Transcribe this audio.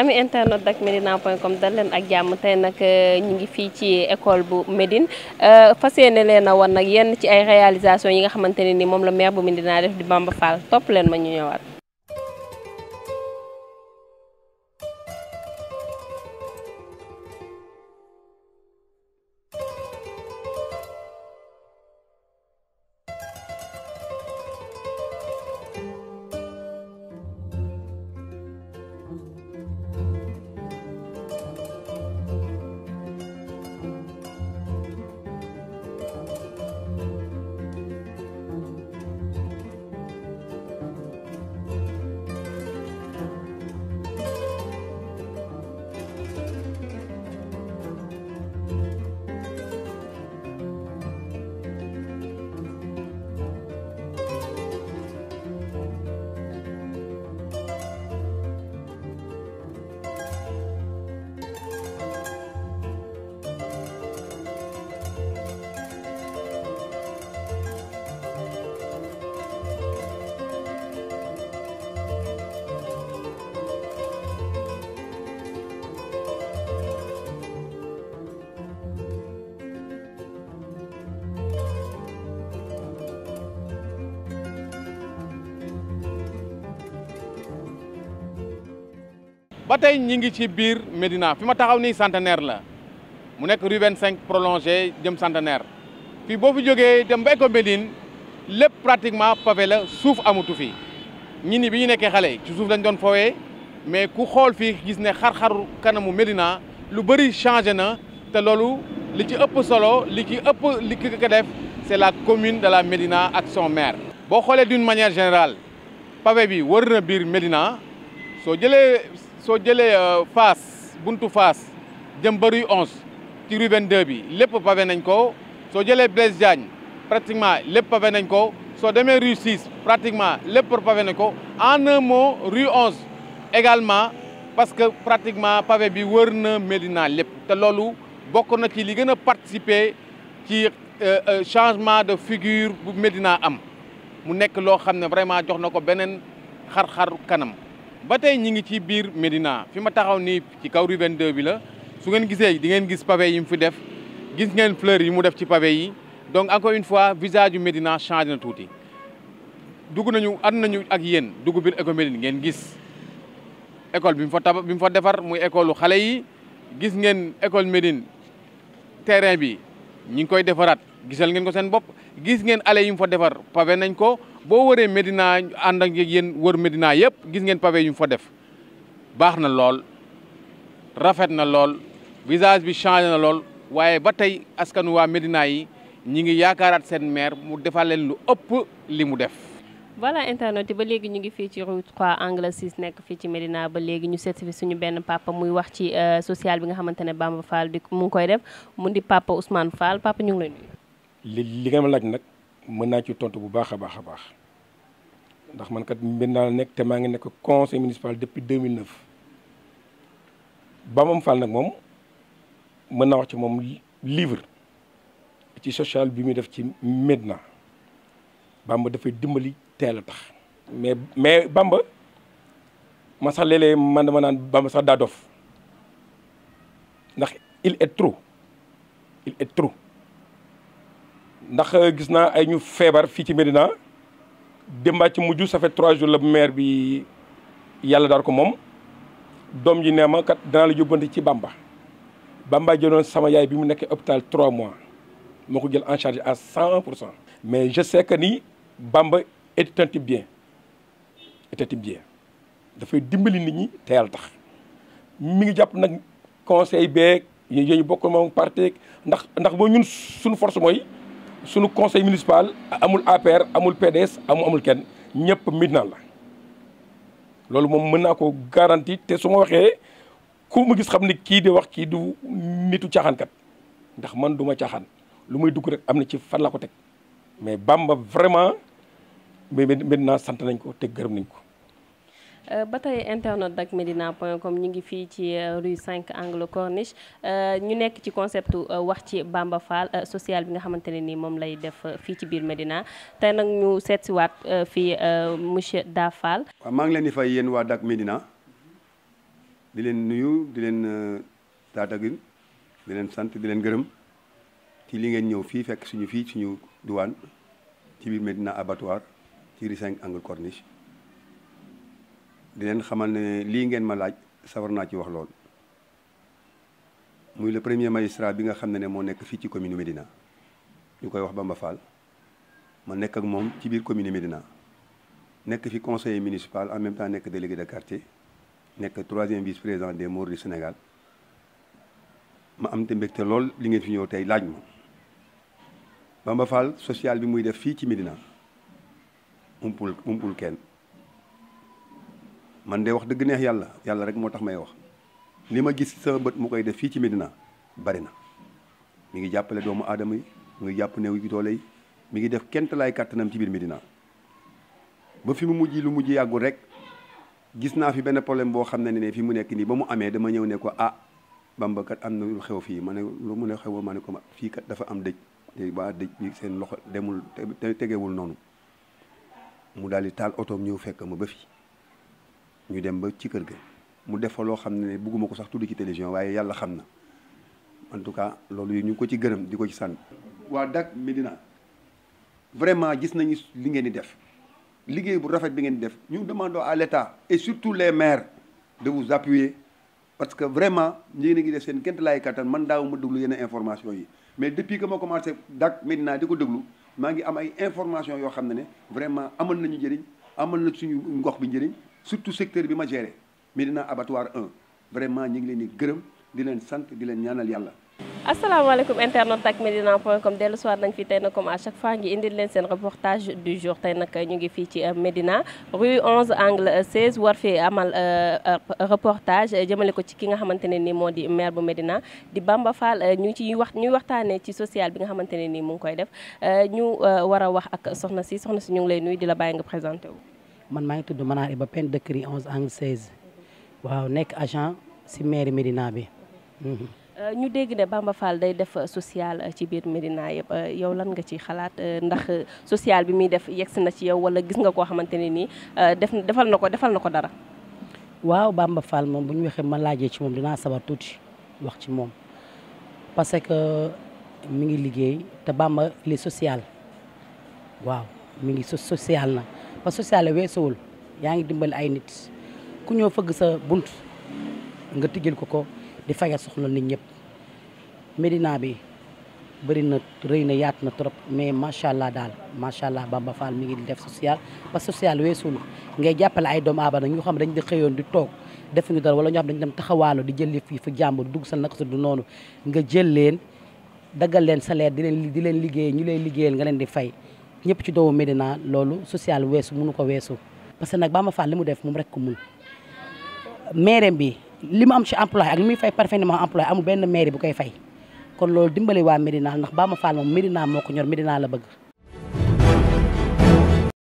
ami internet dak medina point com dal leen ak jàmm tey nag euh, ñu ngi fii ci école bu Médine euh, fas yéene leen a wan nag yenn ci ay réalisation yi nga xamante ne ni moom la maire bu Médina def di Bamba Fall topp leen ma ñu ñëwaat ba tey ñi ci biir Medina fi ma taxaw ni centenaire la mu nek rue 25 prolongé dem centenaire fi bo fi joggé dem ba Eco Médine pratiquement pavé la suuf amatu fi ñi ni bi ñu xalé ci souf lañ doon fowé mais ku xol fi gis ne xar-xaru kanamu Medina lu bari changé na té lolu li ci ëpp solo li ci ëpp li ki ko def c'est la commune de la Medina, ak son maire. bo xolé d'une manière générale pavé bi wër na biir Médina soo jëlee. Si euh, face buntu face dem 11 ci rue 22 bi lepp pavé nañ ko Blaise Diagne pratiquement les pavé nañ ko rue 6 pratiquement pour pavé nañ ko en un mot rue 11 également parce que pratiquement pavé bi wërna Medina, lepp té lolu bokk na ci li participer euh, euh, changement de figure bu Medina am mu nek vraiment jox kanam. ba tey ñi ngi ci biir Médina fi ma taxaw nii ci kaw rue 22 bi la su ngeen gisee di ngeen gis pabe yi mu fi def gis ngeen fleur yi mu def ci pavé yi donc encore une fois visage yu Médina changé na tuuti dugg nañu ànd nañu ak yéen dugg biir école Médina ngeen gis école bi mu fa tabax bi mu fa defar muy école xale yi gis ngeen école Médine terrain bi ñi ngi koy defaraat gisal ngeen ko seen bopp gis ngeen allée yi mu fa defar pabe nañ ko boo wëree Medina ànd ak yéen wër Medina yëpp gis ngeen pavé yu mu def baax na lool rafet na lool visage bi changé na lool waaye ba tey askanu waa Medina yi ñu ngi yaakaaraat seen maire mu defal leen lu ëpp li mu def. voilà internet yi ba léegi ñu ngi fii ci rue 3 angle 6 nekk fii ci Médina ba léegi ñu seet fi suñu benn papa muy wax ci euh, social bi nga xamante ne Bamba Fall di mu ngi koy def mu di papa Ousmane Fall papa ñu ngi li li nga ma nag. Je ci tontu bu baax a baax ndax man kat conseil municipal depuis 2009 Je suis livre ci social bi def ci Bamba fay dimbali mais mais Bamba ma man Bamba il est trop il est trop ndax euh, gis naa ay ñu feebar fii ci medina demba ci mujj ça fait trois jours la maire bi yàlla daal ko moom doom ji nee ma kat danaa la yóbbante ci Bamba Bamba jëloon sama yaay bi mu nekkee hôpital trois mois moo ko jël en charge à cent pour cent mais je sais que ni Bamba était un type bien était un bien dafay dimbali nit ñi te tax mi ngi jàpp nag conseil beeg yooyu bokk moom parti ndax ndax boo ñun suñu force mooy sunu conseil municipal amul APR amul PDS amul amul kenn ñëpp Médinane la loolu moom mën naa ko garanti te su ma waxee ku ma gis xam ne kii di wax kii du nitu caaxaankat ndax man du ma caaxaan lu muy dugg rek am na ci fan la ko teg mais Bamba vraiment mais Médinane sant nañ ko te gërëm nañ ko. Euh, ba tey internet Dak Médina comme com ñu ngi fii ci euh, rue 5 angle corniche euh, ñu nekk ci concept wax ci Bamba Fall sociale bi nga xamante ne ni moom lay def fii ci biir Médina te nag ñu seet si waat fii monsieur Da Fall. waaw maa ngi leen di fay yéen waa dag Médina di leen nuyu di leen taatagin di leen sant di leen gërëm ci li ngeen ñëw fii fekk suñu fii suñu duwaan ci biir Médina abattoir ci rue 5 angle corniche. di xamal ne lii ngeen ma laaj sawar naa ci wax lool muy le premier magistrat bi nga xam ne ne moo nekk fii ci commune medina ñu koy wax Bamba Fall ma nekk ak moom ci biir commune medina nekk fi conseiller municipal en même temps nekk délégué de quartier nekk troisième vice président des Maures du Sénégal ma am te mbégte lool li ngeen fi ñëw tey laaj ma Bamba Fall social bi muy def fii ci Médina umpul umpul kenn man de wax dëgg neex yàlla yàlla rek moo tax may wax li ma gis sa mbët mu koy def fii ci Medina bari na mu ngi jàppale doomu aadama yi mu ngi jàpp néew yi doole yi mi ngi def kent laay kàttanam ci biir Medina ba fi mu mujj lu mujj yàggul rek gis naa fi benn problème boo xam ne ne fii mu nekk nii ba mu amee dama ñëw ne ko ah Bamba kat am na lu xew fii ma ne lu mu ne xew ma ne ko fii kat dafa am dëj te waa dëj bi seen loxo demul te tegewul noonu mu daal di taal otoom ñëw fekk ma ba fi. ñu dem ba ci kër ga mu def fa loo xam ne bugguma ko sax tudd ci télévision waaye yàlla xam na en tout cas loolu ñu ko ci gërëm di ko ci sant. waa Dak Medina vraiment gis nañu li ngeen di def liggéey bu rafet bi ngeen di def ñu demandons à l'État et surtout les maires de vous appuyer parce que vraiment ñu ngi def seen kent laay kattan man daaw ma déglu yenn information yi mais depuis que ma commencé Dak Medina di ko déglu maa ngi am ay information yoo xam ne ne vraiment amal nañu njëriñ amal na suñu ngox bi njëriñ surtout secteur bi ma géré medina abattoir 1 vraiment ñu ngi leen di gërëm di leen sant di leen ñaanal yàlla. asalaamaaleykum internet ak medina point soir nañ fi tey nag comme à chaque fois ngi indi leen sen reportage du jour tey nag ñu ngi fi ci euh, medina rue 11 angle 16 war fi amal euh, reportage euh, jëmale ko ci ki nga xamantene ni modi maire bu medina di Bamba Fall ñu ci wax ñu waxtane ci social bi nga xamantene ni mu ngi koy def ñu wara wax ak soxna si soxna si ñu ngi lay nuy di la baye nga présenté wu. man maa ngi tudd Manar Iba Pène dëkk ri 11 angle 16 waaw nekk agent si mairie Médina bi. Mhm. Euh, ñu dégg ne Bamba Fall day def social euh, ci biir Médina yëpp euh, yow lan nga ci xalaat ndax social bi muy def yegsi na ci yow wala gis nga koo xamante ne nii def defal na ko defal na ko dara. waaw Bamba Fall moom bu ñu waxee ma laajee ci moom dinaa sabar tuuti wax ci moom parce que mi ngi liggéey te Bamba li social waaw mi ngi social na. ba social la weesuwul yaa ngi dimbale ay nit ku ñoo fëgg sa bunt nga tijjal ko ko di fayal soxla nit ñëpp Médina bi bari na rey na yaat na trop mais macha allah daal macha allah Bamba Fall mu ngi di def social ba social weesul ngay jàppale ay doomu aadama ñu xam dañ di xëyoon di toog def ñu dara wala ñoo xam dañ dem taxawaalo di jël fii fi jàmbur dugg sa naka du noonu nga jël leen daggal leen salaire di leen di leen liggéey ñu leen liggéeyal nga leen di fay. ñëpp ci doomu Médina loolu social weesu mënu ko weesu parce que nag Bamba Fall li mu def moom rek ko mun maire bi li mu am ci emploi ak li muy fay parfaitement emploi amul benn maire bu koy fay kon loolu dimbale waa Médina ndax Bamba Fall moom Médina moo ko ñor Médina la bëgg